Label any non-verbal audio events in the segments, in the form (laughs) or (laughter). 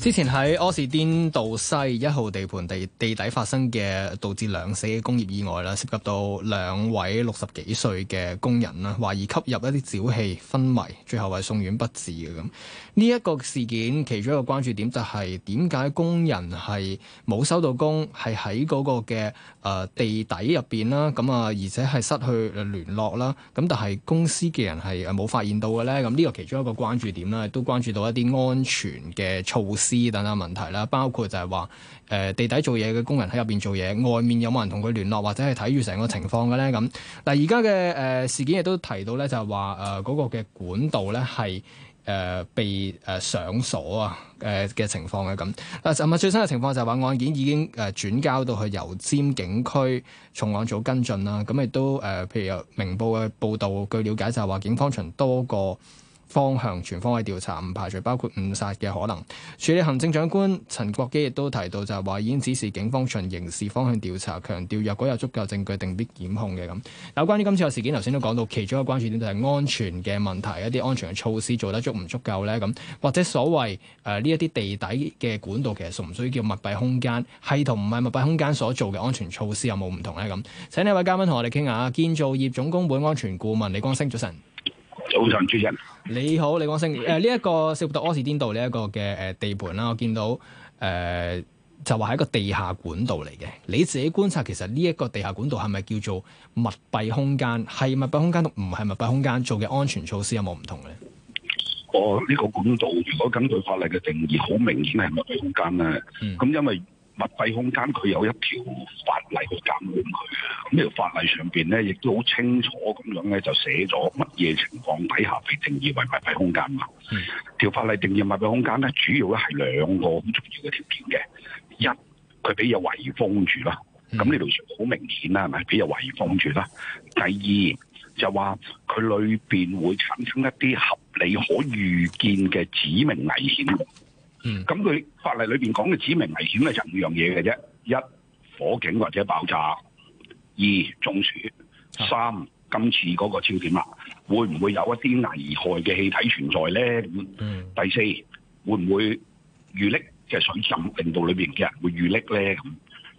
之前喺柯士甸道西一號地盤地地底發生嘅導致兩死嘅工業意外啦，涉及到兩位六十幾歲嘅工人啦，懷疑吸入一啲沼氣昏迷，最後係送院不治嘅咁。呢一個事件其中一個關注點就係點解工人係冇收到工，係喺嗰個嘅誒地底入邊啦，咁啊而且係失去聯絡啦，咁但係公司嘅人係冇發現到嘅咧，咁呢個其中一個關注點啦，都關注到一啲安全嘅措施。等等問題啦，包括就係話誒地底做嘢嘅工人喺入邊做嘢，外面有冇人同佢聯絡，或者係睇住成個情況嘅咧？咁嗱，而家嘅誒事件亦都提到咧，就係話誒嗰個嘅管道咧係誒被誒、呃、上鎖啊誒嘅、呃、情況嘅咁。嗱，今日最新嘅情況就係話案件已經誒轉、呃、交到去油尖警區重案組跟進啦。咁亦都誒、呃，譬如明報嘅報導據了解就係話警方從多個方向全方位調查，唔排除包括誤殺嘅可能。處理行政長官陳國基亦都提到，就係話已經指示警方循刑事方向調查，強調若果有足夠證據，定必檢控嘅咁。有關於今次嘅事件，頭先都講到，其中一個關注點就係安全嘅問題，一啲安全措施做得足唔足夠呢？咁，或者所謂呢一啲地底嘅管道其實屬唔屬於叫密閉空間，係同唔係密閉空間所做嘅安全措施有冇唔同呢？咁，請呢位嘉賓同我哋傾下，建造業總工會安全顧問李光昇，早晨。早晨，主持人，你好，李光昇。誒、呃、呢、這、一個少富道柯士甸道呢一個嘅誒地盤啦，我見到誒、呃、就話係一個地下管道嚟嘅。你自己觀察，其實呢一個地下管道係咪叫做密閉空間？係密閉空間同唔係密閉空間做嘅安全措施有冇唔同咧？我呢、哦這個管道，如果根據法例嘅定義，好明顯係密閉空間啊。咁因為。嗯密閉空間佢有一條法例去監管佢啊，咁呢條法例上邊咧亦都好清楚咁樣咧就寫咗乜嘢情況底下被定義為密閉空間嘛。嗯、條法例定義密閉空間咧，主要咧係兩個好重要嘅條件嘅，一佢俾有圍封住啦，咁呢度好明顯啦，係咪俾有圍封住啦？第二就話佢裏邊會產生一啲合理可預見嘅指明危險。咁佢、嗯、法例裏邊講嘅指明危險係就五樣嘢嘅啫，一火警或者爆炸，二中暑，三今次嗰個焦點啦，會唔會有一啲危害嘅氣體存在咧？嗯、第四會唔會遇溺即係水浸令到裏邊嘅人會遇溺咧？咁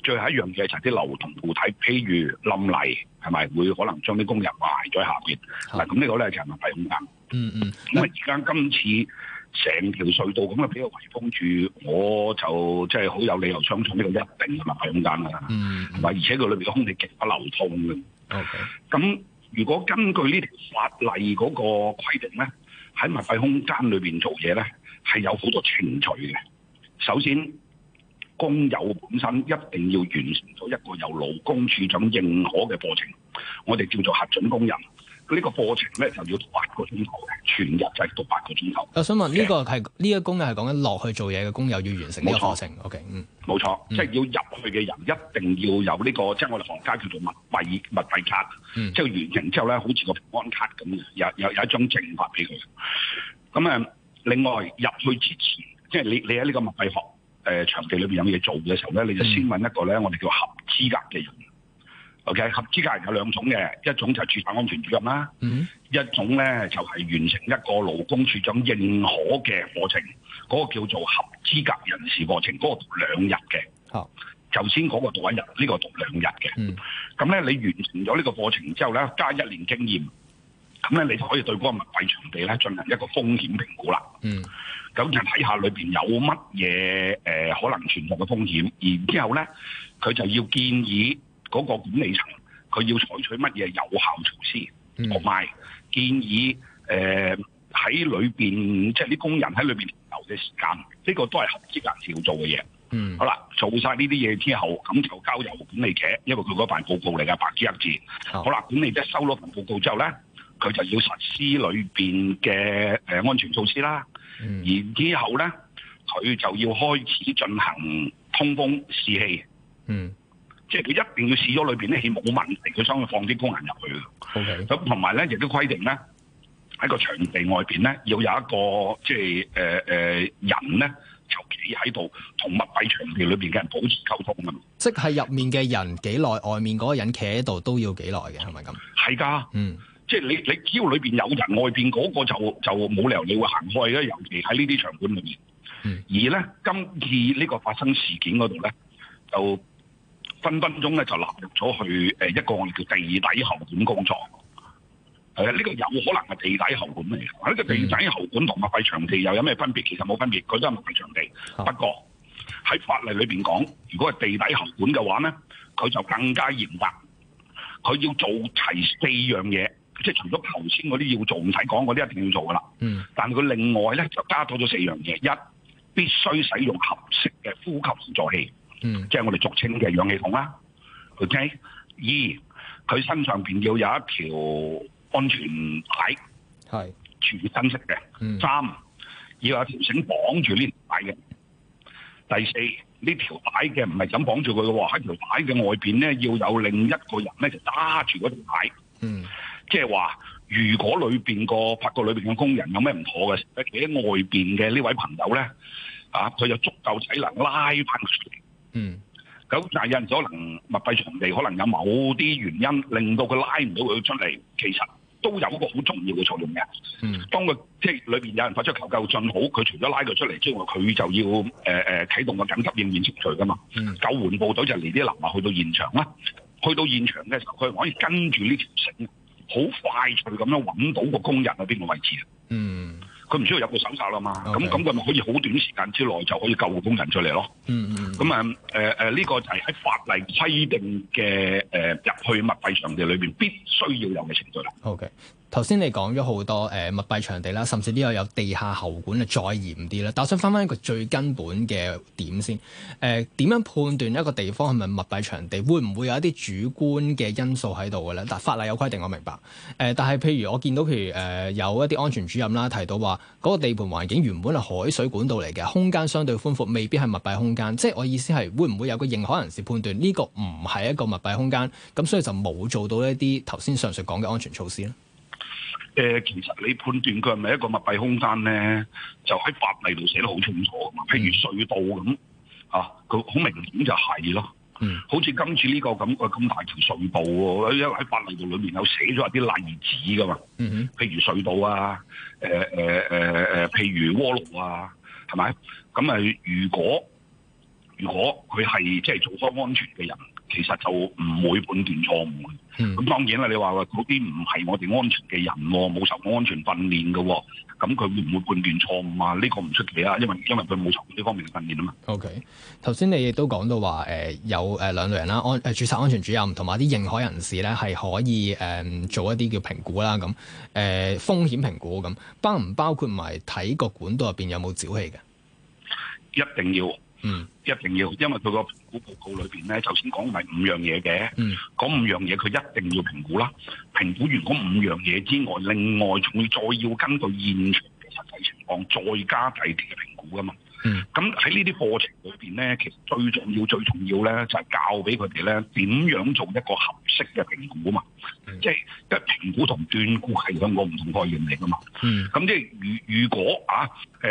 最後一樣嘢就係啲流同固體，譬如冧泥係咪會可能將啲工人埋咗喺下邊？嗱咁、嗯、呢個咧就係密閉空間。嗯嗯，因為而家今次。成條隧道咁啊，俾個圍封住，我就即係好有理由相信呢個一定係密閉空間啦。嗯、mm，同、hmm. 埋而且佢裏邊嘅空氣極不流通嘅。o Okay .咁如果根據呢條法例嗰個規定咧，喺密閉空間裏邊做嘢咧，係有好多程序嘅。首先，工友本身一定要完成咗一個由勞工處長認可嘅過程，我哋叫做核准工人。這個過呢個課程咧就要讀八個鐘頭，全日就係讀八個鐘頭。我想問呢、這個係呢一工友係講緊落去做嘢嘅工友要完成呢個課程。OK，嗯，冇錯，即係要入去嘅人一定要有呢、這個，即、就、係、是、我哋行家叫做密閉密閉卡，嗯、即係完成之後咧，好似個平安卡咁，有有有一張證發俾佢。咁啊，另外入去之前，即係你你喺呢個密閉行誒場地裏邊有乜嘢做嘅時候咧，嗯、你就先揾一個咧，我哋叫合資格嘅人。合資格人有兩種嘅，一種就係註冊安全主任啦，mm hmm. 一種咧就係完成一個勞工處長認可嘅課程，嗰、嗰個叫做合資格人士課程，嗰、嗰個讀兩日嘅。Oh. 就先嗰個讀一日，呢、呢個讀兩日嘅。咁咧、mm，hmm. 咁你完成咗呢個課程之後咧，加一年經驗，咁咧你就可以對嗰個密閉場地咧進行一個風險評估啦。咁、mm hmm. 就睇下裏邊有乜嘢誒可能存在嘅風險，然之後咧佢就要建議。嗰個管理層，佢要採取乜嘢有效措施，同埋、嗯、建議誒喺裏邊，即係啲工人喺裏邊留嘅時間，呢、這個都係合適人士要做嘅嘢。嗯，好啦，做晒呢啲嘢之後，咁就交由管理者，因為佢嗰份報告嚟㗎，白紙黑字。哦、好啦，管理者收咗份報告之後咧，佢就要實施裏邊嘅誒安全措施啦。然、嗯、之後咧，佢就要開始進行通風試氣。嗯。即係佢一定要試咗裏邊啲氣冇問題，佢想去放啲工人入去嘅。Okay。咁同埋咧亦都規定咧，喺個場地外邊咧，要有一個即係誒誒人咧就企喺度，同密閉場地裏邊嘅人保持溝通嘅。即係入面嘅人幾耐，外面嗰個人企喺度都要幾耐嘅，係咪咁？係㗎，的嗯，即係你你只要裏邊有人，外邊嗰個就就冇理由你會行開嘅，尤其喺呢啲場館入面。嗯、而咧今次呢個發生事件嗰度咧就。分分鐘咧就納入咗去一個我哋叫地底喉管工作，係啊，呢個有可能係地底喉管嚟嘅。呢、呢個地底喉管同密閉場地又有咩分別？其實冇分別，佢都係密閉場地。啊、不過喺法例裏面講，如果係地底喉管嘅話咧，佢就更加嚴格，佢要做齊四樣嘢，即係除咗頭先嗰啲要做，唔使講，嗰啲一定要做㗎啦。嗯，但佢另外咧就加多咗四樣嘢，一必須使用合適嘅呼吸輔助器。嗯，即係我哋俗稱嘅氧氣筒啦。OK，二佢身上邊要有一條安全帶，係全身式嘅。嗯、三要有一條繩綁住呢條帶嘅。第四，呢條帶嘅唔係咁綁住佢嘅，喺條帶嘅外邊咧要有另一個人咧就揸住嗰條帶。嗯，即係話如果裏邊個拍個裏邊嘅工人有咩唔妥嘅，企喺外邊嘅呢位朋友咧，啊，佢有足夠體能拉翻出嚟。嗯，咁但係有人可能密閉場地，可能有某啲原因令到佢拉唔到佢出嚟，其實都有一個好重要嘅作用嘅。嗯，當佢即係裏邊有人發出求救訊號，佢除咗拉佢出嚟之外，佢就要誒誒啟動個緊急應變程序噶嘛。救援部隊就嚟啲樓啊去到現場啦，去到現場嘅時候，佢可以跟住呢條繩，好快脆咁樣揾到個工人喺邊個位置啊。嗯。佢唔需要入個審查啦嘛，咁咁佢咪可以好短時間之內就可以救護工人出嚟咯。嗯嗯咁啊，誒、hmm. 誒，呢、呃呃這個就係喺法例規定嘅誒、呃、入去密閉場地裏邊必須要有嘅程序啦。OK。頭先你講咗好多誒密閉場地啦，甚至呢個有地下喉管啊，再嚴啲啦。但我想翻翻一個最根本嘅點先，誒、呃、點樣判斷一個地方係咪密閉場地？會唔會有一啲主觀嘅因素喺度嘅咧？但法例有規定，我明白誒、呃。但係，譬如我見到譬如誒、呃、有一啲安全主任啦，提到話嗰個地盤環境原本係海水管道嚟嘅，空間相對寬闊，未必係密閉空間。即係我意思係會唔會有個認可人士判斷呢、呢個唔係一個密閉空間咁，所以就冇做到一啲頭先上述講嘅安全措施咧？誒、呃，其實你判斷佢係咪一個密閉空間咧，就喺法例度寫得好清楚噶嘛。譬如隧道咁，嚇佢好明顯就係咯。嗯，好似今次呢個咁咁大條隧道喎，因為喺法例度裏面有寫咗一啲例子噶嘛。嗯哼，譬如隧道啊，誒誒誒誒，譬如鍋爐啊，係咪？咁啊，如果如果佢係即係做開安全嘅人。其實就唔會判斷錯誤咁、嗯、當然啦，你話嗰啲唔係我哋安全嘅人喎，冇受安全訓練嘅喎，咁佢會唔會判斷錯誤啊？呢、呢個唔出奇啊，因為因為佢冇受呢方面嘅訓練啊嘛。OK，頭先你亦都講到話誒、呃、有誒兩類人啦，安誒註冊安全主任同埋啲認可人士咧，係可以誒、嗯、做一啲叫評估啦，咁、嗯、誒風險評估咁包唔包括埋睇個管道入邊有冇沼氣嘅？一定要，嗯，一定要，因為佢個股報告裏邊咧，頭先講唔係五樣嘢嘅，講、嗯、嗰五樣嘢佢一定要評估啦。評估完嗰五樣嘢之外，另外仲要再要根據現場嘅實際情況再加第啲嘅評估噶嘛。嗯，咁喺呢啲課程裏邊咧，其實最重要、最重要咧就係、是、教俾佢哋咧點樣做一個合適嘅評估嘛。即係即係評估同斷估係兩個唔同概念嚟噶嘛。咁即係如如果啊，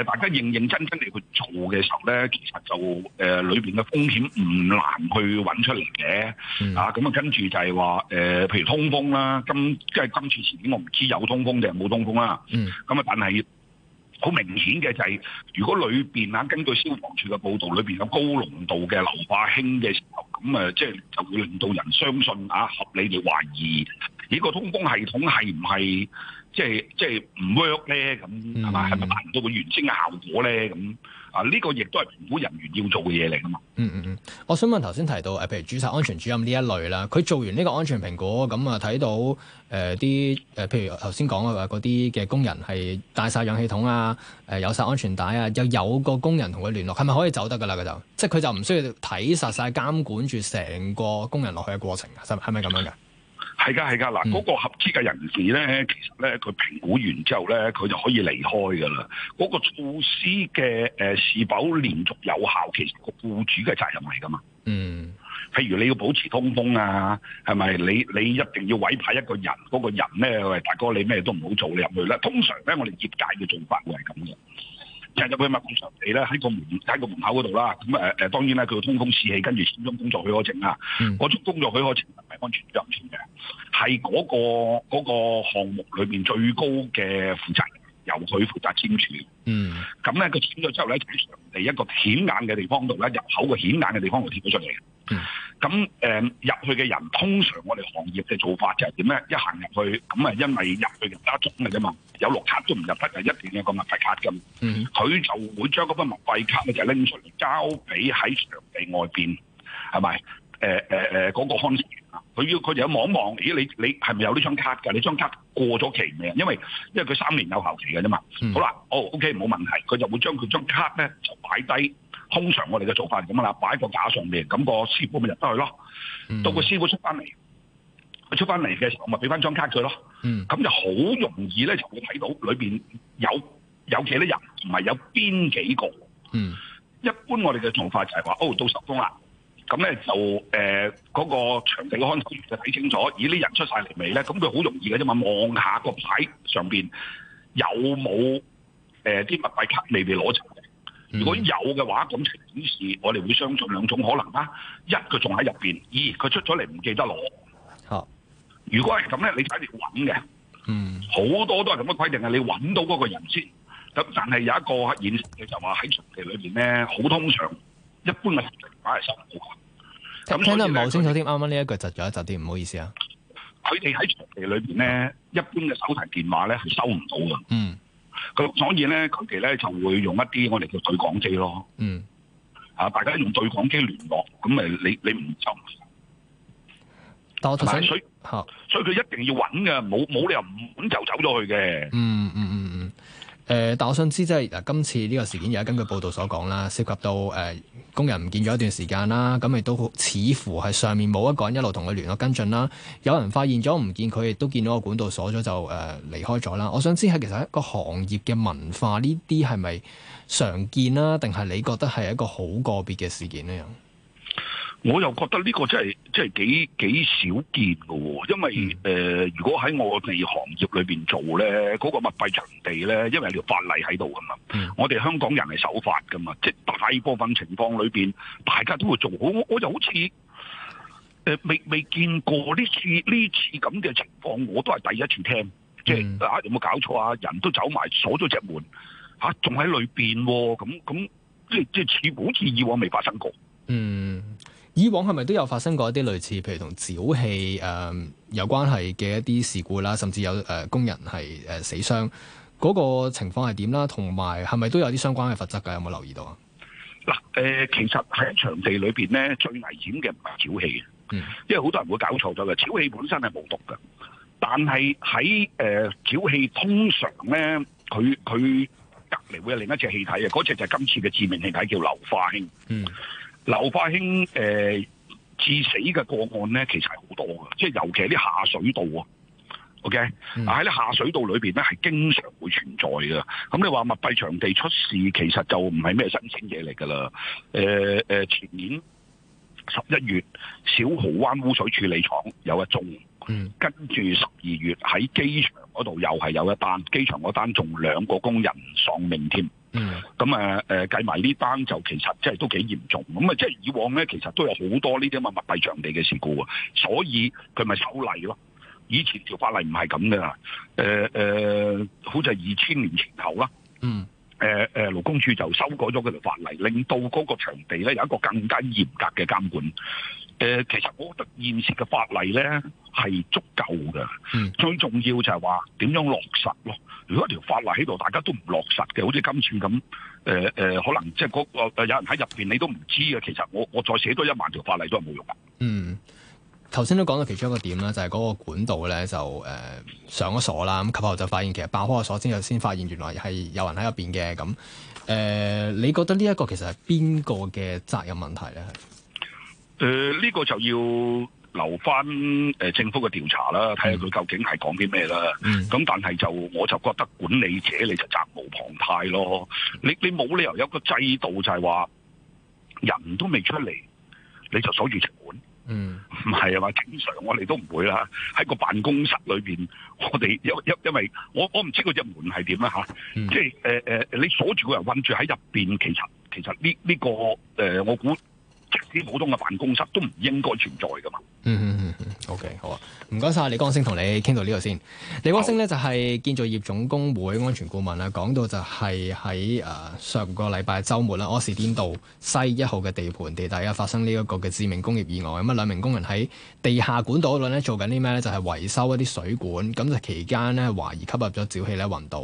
大家認認真真嚟去做嘅時候咧，其實就誒裏、呃、邊嘅風險唔難去揾出嚟嘅。嗯、啊，咁啊跟住就係話誒，譬如通風啦，今即今次事件我唔知有通風定係冇通風啦。咁啊、嗯，但係。好明顯嘅就係、是，如果裏邊啊根據消防處嘅報道，裏邊有高濃度嘅硫化氫嘅時候，咁誒即係就會令到人相信啊合理地懷疑呢、呢個通風系統係唔係即係即係唔 work 咧？咁係咪？係咪達唔到個原先嘅效果咧？咁？啊！呢、這個亦都係評估人員要做嘅嘢嚟啊嘛。嗯嗯嗯，我想問頭先提到譬如註冊安全主任呢一類啦，佢做完呢個安全評估，咁啊，睇到誒啲譬如頭先講嘅嗰啲嘅工人係戴晒氧氣筒啊，有、呃、晒安全帶啊，又有個工人同佢聯絡，係咪可以走得噶啦？佢就即係佢就唔需要睇實晒監管住成個工人落去嘅過程啊？咪係咪咁樣㗎？嗯係噶係噶嗱，嗰個合資嘅人士咧，其實咧佢評估完之後咧，佢就可以離開噶啦。嗰個措施嘅是否連續有效，其實個雇主嘅責任嚟噶嘛。嗯，譬如你要保持通風啊，係咪你你一定要委派一個人，嗰個人咧喂大哥，你咩都唔好做，你入去啦。通常咧，我哋業界嘅做法會係咁嘅。入去咪正常地咧，喺個門喺個門口嗰度啦。咁誒誒，當然啦，佢要通風、試氣，跟住先簽工作許可證啊。我做、嗯、工作許可證唔係安全入駐嘅，係嗰個嗰個項目裏邊最高嘅負責人。由佢負責簽署，嗯，咁咧佢簽咗之後咧，就喺場地一個顯眼嘅地方度咧，入口嘅顯眼嘅地方度貼咗出嚟嘅，嗯，咁誒入去嘅人通常我哋行業嘅做法就係點咧？一行入去，咁啊因為入去人家衝嘅啫嘛，有綠卡都唔入得嘅，一定要有一個密碼卡嘅，佢、嗯、就會將嗰個密碼卡咧就拎出嚟交俾喺場地外邊，係咪？誒誒誒，嗰、呃呃那個看守啊，佢要佢就望一望，咦？你你係咪有呢張卡㗎？你張卡過咗期未啊？因為因為佢三年有效期嘅啫嘛。嗯、好啦，哦、oh,，OK，冇問題。佢就會將佢張卡咧就擺低，通常我哋嘅做法咁啦，擺個架上邊。咁、那個師傅咪入得去咯。嗯、到個師傅出翻嚟，佢出翻嚟嘅時候，咪俾翻張卡佢咯。咁、嗯、就好容易咧就會睇到裏邊有有，有有幾多人同埋有邊幾個。嗯、一般我哋嘅做法就係話，哦，到收工啦。咁咧就誒嗰、呃嗰個場地嘅看守員就睇清楚，咦？呢人出晒嚟未咧？咁佢好容易嘅啫嘛，望下個牌上面有冇誒啲物幣卡你哋攞走嘅？如果有嘅話，咁成件事我哋會相信兩種可能啦。一佢仲喺入面，二佢出咗嚟唔記得攞。啊、如果係咁咧，你睇嚟揾嘅。嗯，好多都係咁嘅規定係你揾到嗰個人先。咁但係有一個現實嘅就話喺場地裏面咧，好通常一般嘅牌係收唔到嘅。咁聽得唔係好清楚添，啱啱呢一句窒咗一窒啲，唔好意思啊。佢哋喺場地裏面咧，一般嘅手提電話咧係收唔到嘅。嗯。咁所以咧，佢哋咧就會用一啲我哋叫對講機咯。嗯。啊！大家用對講機聯絡，咁咪你你唔收。但係所以嚇，所以佢一定要揾嘅，冇冇理由唔咁就走咗去嘅。嗯嗯嗯。誒，但我想知即係嗱，今次呢個事件而家根據報道所講啦，涉及到誒、呃、工人唔見咗一段時間啦，咁亦都似乎係上面冇一個人一路同佢聯絡跟進啦。有人發現咗唔見佢，亦都見到個管道鎖咗就誒、呃、離開咗啦。我想知係其實一個行業嘅文化呢啲係咪常見啦，定係你覺得係一個好個別嘅事件咧？我又覺得呢個真係，真係幾幾少見噶，因為誒、嗯呃，如果喺我哋行業裏邊做咧，嗰、那個密閉場地咧，因為有條法例喺度噶嘛，嗯、我哋香港人係守法噶嘛，即、就、係、是、大部分情況裏邊，大家都會做好。我,我就好似誒，未、呃、未見過呢次呢次咁嘅情況，我都係第一次聽。即、就、係、是嗯、啊，有冇搞錯啊？人都走埋，鎖咗隻門，吓仲喺裏邊、啊，咁咁，即係即係似好似以往未發生過。嗯。以往係咪都有發生過一啲類似，譬如同沼氣誒有關係嘅一啲事故啦，甚至有誒、呃、工人係誒、呃、死傷，嗰、那個情況係點啦？同埋係咪都有啲相關嘅罰則噶？有冇留意到啊？嗱，誒，其實喺場地裏邊咧，最危險嘅唔係沼氣，因為好多人會搞錯咗嘅。沼氣本身係無毒嘅，但係喺誒沼氣通常咧，佢佢隔籬會有另一隻氣體嘅，嗰、那、隻、個、就係今次嘅致命氣體叫硫化氫。嗯。劉化興誒、呃，致死嘅個案咧，其實係好多嘅，即係尤其係啲下水道啊。OK，喺啲、嗯、下水道裏邊咧，係經常會存在嘅。咁你話密閉場地出事，其實就唔係咩新鮮嘢嚟噶啦。誒、呃、誒、呃，前年十一月，小蠔灣污水處理廠有一宗，嗯、跟住十二月喺機場嗰度又係有一單，機場嗰單仲兩個工人喪命添。 (noise) 嗯，咁啊，誒計埋呢單就其實即係都幾嚴重，咁啊即係以往咧，其實都有好多呢啲咁嘅密閉場地嘅事故，所以佢咪修例咯。以前條法例唔係咁噶，誒、呃、誒、呃，好似二千年前後啦，嗯、呃，誒誒勞工處就修改咗佢條法例，令到嗰個場地咧有一個更加嚴格嘅監管。誒，其實我覺得現時嘅法例咧係足夠嘅，嗯、最重要就係話點樣落實咯。如果條法例喺度，大家都唔落實嘅，好似今次咁，誒、呃、誒，可能即係嗰個有人喺入邊，你都唔知嘅。其實我我再寫多一萬條法例都係冇用嘅。嗯，頭先都講到其中一個點啦，就係嗰個管道咧就誒、呃、上咗鎖啦，咁及後就發現其實爆開個鎖之後先發現原來係有人喺入邊嘅。咁誒、呃，你覺得呢一個其實係邊個嘅責任問題咧？誒呢、呃這個就要留翻、呃、政府嘅調查啦，睇下佢究竟係講啲咩啦。咁、嗯、但係就我就覺得管理者你就責無旁貸咯。你你冇理由有個制度就係話人都未出嚟你就鎖住城門。唔係啊嘛，正常我哋都唔會啦。喺個辦公室裏面，我哋因因為我我唔知佢隻門係點啊、嗯、即係誒誒，你鎖住個人困住喺入面，其實其實呢、這、呢個誒、呃、我估。啲普通嘅辦公室都唔應該存在㗎嘛？嗯嗯嗯嗯，OK，好啊，唔該晒，李光昇同你傾到呢個先。李光昇呢，好就係建造業總工會安全顧問啦，講到就係喺誒上個禮拜週末啦，柯士甸道西一號嘅地盤地底啊發生呢一個嘅致命工業意外，咁啊兩名工人喺地下管道度呢，做緊啲咩呢？就係、是、維修一啲水管，咁就期間呢，懷疑吸入咗沼氣咧，暈倒，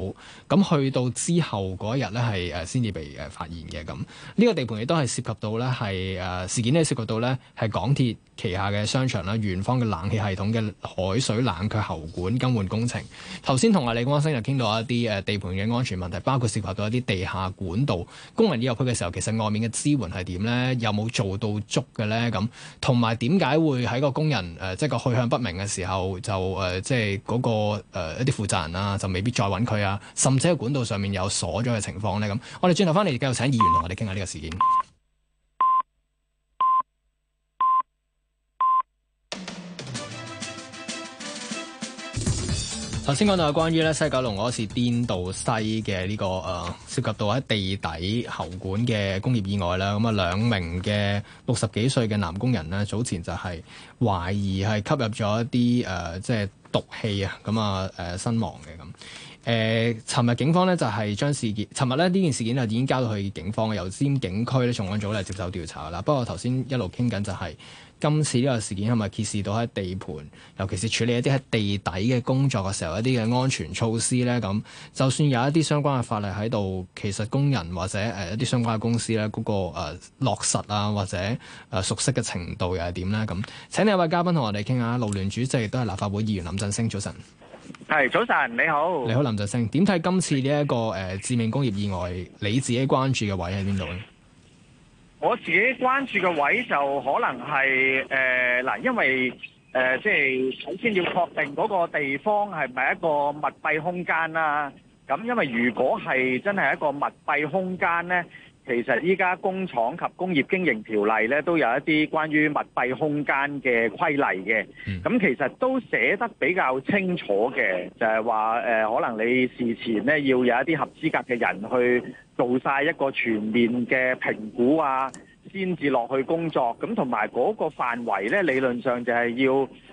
咁去到之後嗰一日呢，係誒先至被誒發現嘅咁。呢個地盤亦都係涉及到呢，係誒。呃啊、事件呢，涉及到呢係港鐵旗下嘅商場啦，圓方嘅冷氣系統嘅海水冷卻喉管更換工程。頭先同阿李光昇就傾到一啲誒地盤嘅安全問題，包括涉及到一啲地下管道工人要入去嘅時候，其實外面嘅支援係點呢？又沒有冇做到足嘅呢？咁同埋點解會喺個工人誒、呃、即係個去向不明嘅時候就誒、呃、即係嗰、嗰個、呃、一啲負責人啊就未必再揾佢啊？甚至管道上面有鎖咗嘅情況呢？咁我哋轉頭翻嚟繼續請議員同我哋傾下呢個事件。頭先講到關於咧西九龍嗰次顛倒西嘅呢、這個誒、呃，涉及到喺地底喉管嘅工業意外啦。咁啊，兩名嘅六十幾歲嘅男工人呢，早前就係懷疑係吸入咗一啲誒、呃，即係毒氣啊。咁、呃、啊，誒身亡嘅咁。誒、呃，尋日警方咧就係將事件，尋日咧呢這件事件就已經交到去警方，由油尖警區咧重案組嚟接受調查啦。不過頭先一路傾緊就係、是。今次呢個事件係咪揭示到喺地盤，尤其是處理一啲喺地底嘅工作嘅時候，一啲嘅安全措施呢？咁就算有一啲相關嘅法例喺度，其實工人或者誒一啲相關嘅公司呢、那個，嗰、呃、個落實啊，或者誒、呃、熟悉嘅程度又係點呢？咁請你一位嘉賓同我哋傾下，勞聯主席，亦都係立法會議員林振昇，早晨。係，早晨，你好。你好，林振昇。點睇今次呢、這、一個誒、呃、致命工業意外？你自己關注嘅位喺邊度咧？我自己關注嘅位就可能係誒嗱，因為誒即係首先要確定嗰個地方係咪一個密閉空間啦。咁因為如果係真係一個密閉空間咧。其實依家工廠及工業經營條例咧，都有一啲關於密閉空間嘅規例嘅。咁其實都寫得比較清楚嘅，就係話誒，可能你事前咧要有一啲合資格嘅人去做晒一個全面嘅評估啊，先至落去工作。咁同埋嗰個範圍咧，理論上就係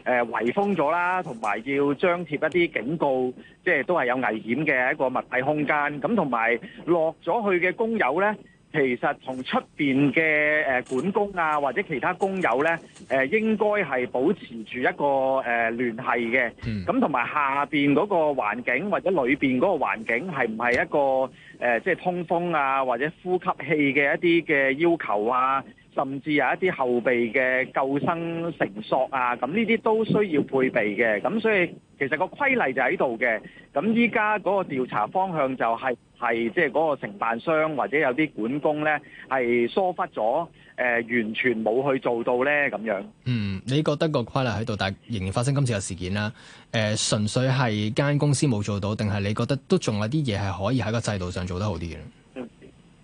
要誒圍封咗啦，同埋要張貼一啲警告，即係都係有危險嘅一個密閉空間。咁同埋落咗去嘅工友咧。其實同出面嘅管工啊，或者其他工友咧，誒應該係保持住一個誒、呃、聯繫嘅。咁同埋下面嗰個環境或者裏面嗰個環境係唔係一個、呃、即係通風啊，或者呼吸器嘅一啲嘅要求啊，甚至有一啲後備嘅救生繩索啊，咁呢啲都需要配備嘅。咁所以其實個規例就喺度嘅。咁依家嗰個調查方向就係、是。係即係嗰個承辦商或者有啲管工咧，係疏忽咗，誒、呃、完全冇去做到咧咁樣。嗯，你覺得個規例喺度，但仍然發生今次嘅事件啦。誒、呃，純粹係間公司冇做到，定係你覺得都仲有啲嘢係可以喺個制度上做得好啲嘅？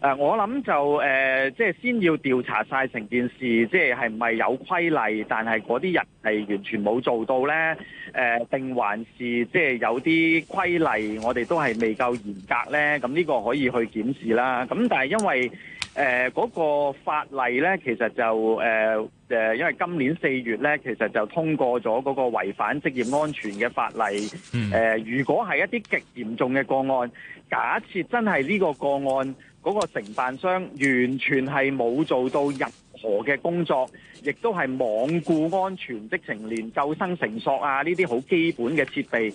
誒，我諗就誒，即、呃、係先要調查晒成件事，即係係唔係有規例，但係嗰啲人係完全冇做到呢？誒、呃，定還是即係有啲規例，我哋都係未夠嚴格呢？咁呢個可以去檢視啦。咁但係因為誒嗰、呃那個法例呢，其實就誒誒、呃，因為今年四月呢，其實就通過咗嗰個違反職業安全嘅法例。呃、如果係一啲極嚴重嘅個案，假設真係呢個個案。嗰個承辦商完全係冇做到人。何嘅工作，亦都係罔顧安全，即係連救生繩索啊呢啲好基本嘅設備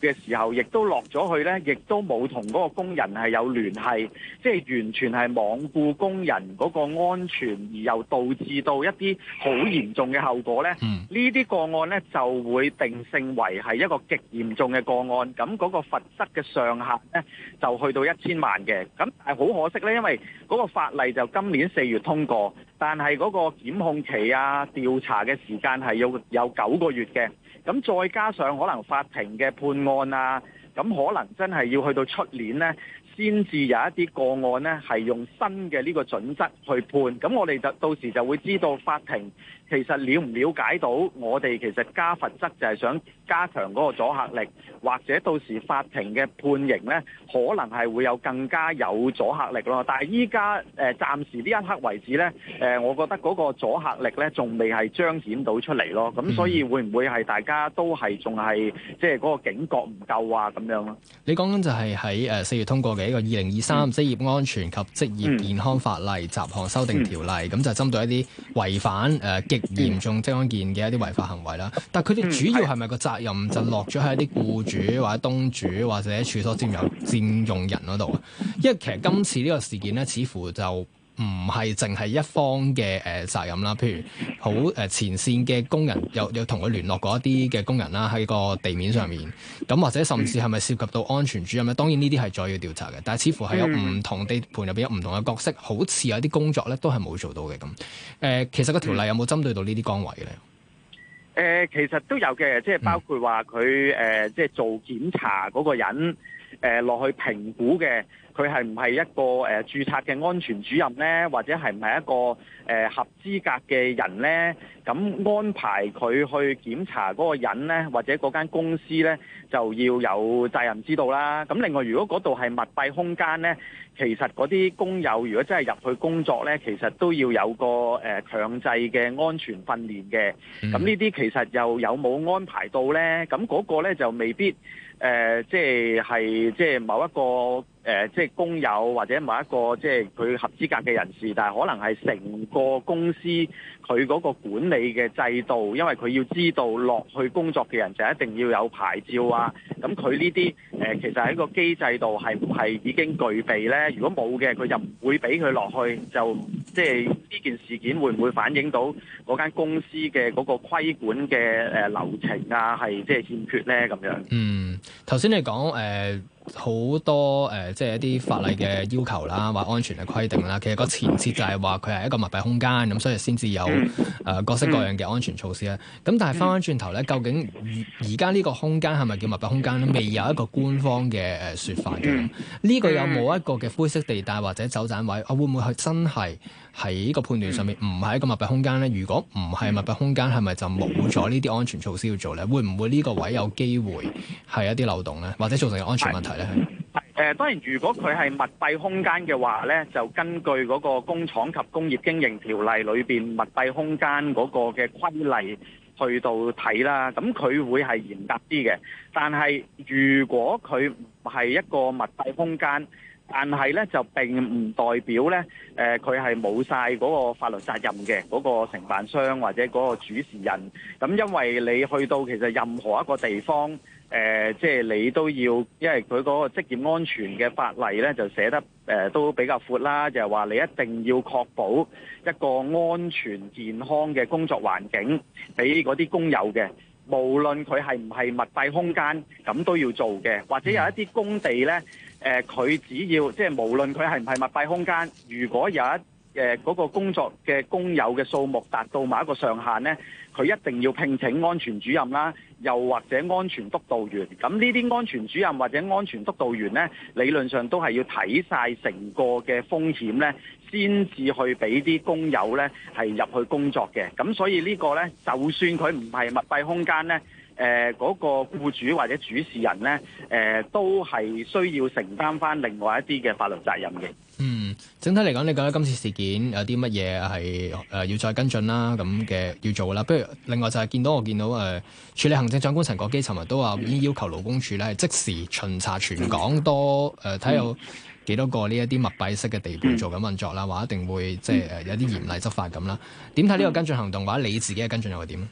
嘅時候，亦都落咗去咧，亦都冇同嗰個工人係有聯繫，即係完全係罔顧工人嗰個安全，而又導致到一啲好嚴重嘅後果咧。呢啲個案咧就會定性為係一個極嚴重嘅個案，咁、那、嗰個罰則嘅上限咧就去到一千萬嘅。咁但係好可惜咧，因為嗰個法例就今年四月通過。但係嗰個檢控期啊，調查嘅時間係要有九個月嘅，咁再加上可能法庭嘅判案啊，咁可能真係要去到出年呢，先至有一啲個案呢係用新嘅呢個準則去判，咁我哋就到時就會知道法庭。其實了唔了解到，我哋其實加罰則就係想加強嗰個阻嚇力，或者到時法庭嘅判刑呢，可能係會有更加有阻嚇力咯。但係依家誒暫時呢一刻為止呢，誒、呃、我覺得嗰個阻嚇力呢，仲未係彰顯到出嚟咯。咁所以會唔會係大家都係仲係即係嗰個警覺唔夠啊？咁樣咯、嗯。你講緊就係喺誒四月通過嘅一個二零二三職業安全及職業健康法例，嗯、雜項修訂條例，咁、嗯、就針對一啲違反誒、呃嚴重即章件嘅一啲違法行為啦，但係佢哋主要係咪個責任就落咗喺一啲僱主或者東主或者處所佔有佔用人嗰度啊？因為其實今次呢個事件咧，似乎就，唔係淨係一方嘅誒責任啦，譬如好誒前線嘅工人有有同佢聯絡過一啲嘅工人啦，喺個地面上面，咁或者甚至係咪涉及到安全主任咧？當然呢啲係再要調查嘅，但係似乎係有唔同地盤入邊有唔同嘅角色，嗯、好似有啲工作咧都係冇做到嘅咁。誒，其實個條例有冇針對到呢啲崗位咧？誒，其實都有嘅，即係包括話佢誒，即係做檢查嗰個人。誒落去評估嘅，佢係唔係一個誒註冊嘅安全主任呢？或者係唔係一個誒、呃、合資格嘅人呢？咁安排佢去檢查嗰個人呢？或者嗰間公司呢，就要有責任知道啦。咁另外，如果嗰度係密閉空間呢，其實嗰啲工友如果真係入去工作呢，其實都要有個誒、呃、強制嘅安全訓練嘅。咁呢啲其實又有冇安排到呢？咁嗰個呢，就未必。誒、呃，即係即係某一個。誒、呃，即係工友或者某一個即係佢合資格嘅人士，但係可能係成個公司佢嗰個管理嘅制度，因為佢要知道落去工作嘅人就一定要有牌照啊。咁佢呢啲誒其實喺個機制度係唔係已經具備咧？如果冇嘅，佢就唔會俾佢落去。就即係呢件事件會唔會反映到嗰間公司嘅嗰個規管嘅誒流程啊？係即係欠缺咧？咁樣，嗯，頭先你講誒。呃好多誒、呃，即係一啲法例嘅要求啦，或安全嘅規定啦。其實個前設就係話佢係一個密閉空間，咁所以先至有誒、呃、各式各樣嘅安全措施啊。咁、嗯、但係翻翻轉頭咧，究竟而家呢個空間係咪叫密閉空間咧？未有一個官方嘅說法嘅。呢個有冇一個嘅灰色地帶或者走盞位啊？會唔會係真係喺呢個判斷上面唔係一個密閉空間咧？如果唔係密閉空間，係咪就冇咗呢啲安全措施要做咧？會唔會呢個位有機會係一啲漏洞咧，或者造成嘅安全問題。係誒，當然、 (laughs) 呃、如果佢係密閉空間嘅話呢，就根據嗰個工廠及工業經營條例裏邊密閉空間嗰個嘅規例去到睇啦。咁佢會係嚴格啲嘅。但係如果佢唔係一個密閉空間，但係呢就並唔代表呢，誒、呃，佢係冇晒嗰個法律責任嘅，嗰、嗰個承辦商或者嗰個主持人。咁因為你去到其實任何一個地方。誒，即係、呃就是、你都要，因為佢嗰個職業安全嘅法例咧，就寫得、呃、都比較闊啦，就係、是、話你一定要確保一個安全健康嘅工作環境俾嗰啲工友嘅，無論佢係唔係密閉空間，咁都要做嘅。或者有一啲工地咧，誒、呃、佢只要即係、就是、無論佢係唔係密閉空間，如果有一誒嗰個工作嘅工友嘅數目達到某一個上限咧。佢一定要聘請安全主任啦，又或者安全督導員，咁呢啲安全主任或者安全督導員咧，理論上都係要睇晒成個嘅風險咧，先至去俾啲工友咧係入去工作嘅。咁所以呢個咧，就算佢唔係密閉空間咧，誒嗰個僱主或者主事人咧，誒都係需要承擔翻另外一啲嘅法律責任嘅。嗯，整體嚟講，你覺得今次事件有啲乜嘢係要再跟進啦？咁嘅要做啦。不如另外就係見到我見到誒、呃、處理行政長官陳國基尋日都話已經要求勞工處咧即時巡查全港多誒睇、呃、有幾多個呢一啲密閉式嘅地盤做緊運作啦，話一定會即係、呃、有啲嚴厲執法咁啦。點睇呢個跟進行動？或者你自己嘅跟進又係點？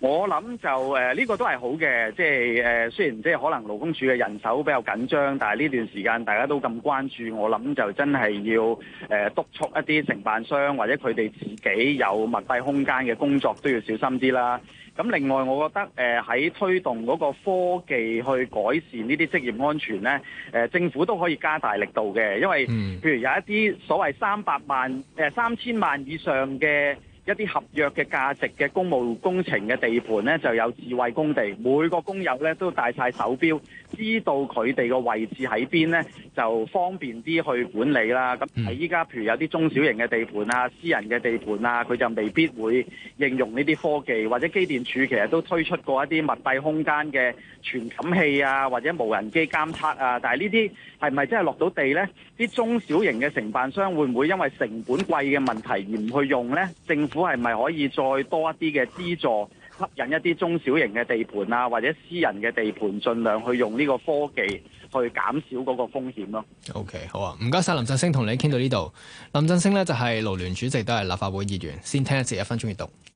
我諗就誒呢、呃呢個都係好嘅，即係誒雖然即係可能勞工處嘅人手比較緊張，但係呢段時間大家都咁關注，我諗就真係要誒、呃、督促一啲承辦商或者佢哋自己有密閉空間嘅工作都要小心啲啦。咁另外，我覺得誒喺、呃、推動嗰個科技去改善呢啲職業安全呢、呃，政府都可以加大力度嘅，因為、嗯、譬如有一啲所謂三百萬誒、呃、三千萬以上嘅。一啲合約嘅價值嘅工務工程嘅地盤咧，就有智慧工地，每個工友咧都戴晒手錶，知道佢哋個位置喺邊咧，就方便啲去管理啦。咁喺依家，譬如有啲中小型嘅地盤啊、私人嘅地盤啊，佢就未必會應用呢啲科技。或者機電署其實都推出過一啲密閉空間嘅傳感器啊，或者無人機監測啊。但係呢啲係咪真係落到地咧？啲中小型嘅承辦商會唔會因為成本貴嘅問題而唔去用咧？政府係咪可以再多一啲嘅資助，吸引一啲中小型嘅地盤啊，或者私人嘅地盤，盡量去用呢個科技去減少嗰個風險咯，啊？OK，好啊，唔該晒。林振昇，同你傾到呢度。林振昇呢，就係勞聯主席，都係立法會議員。先聽一節一分鐘閱讀。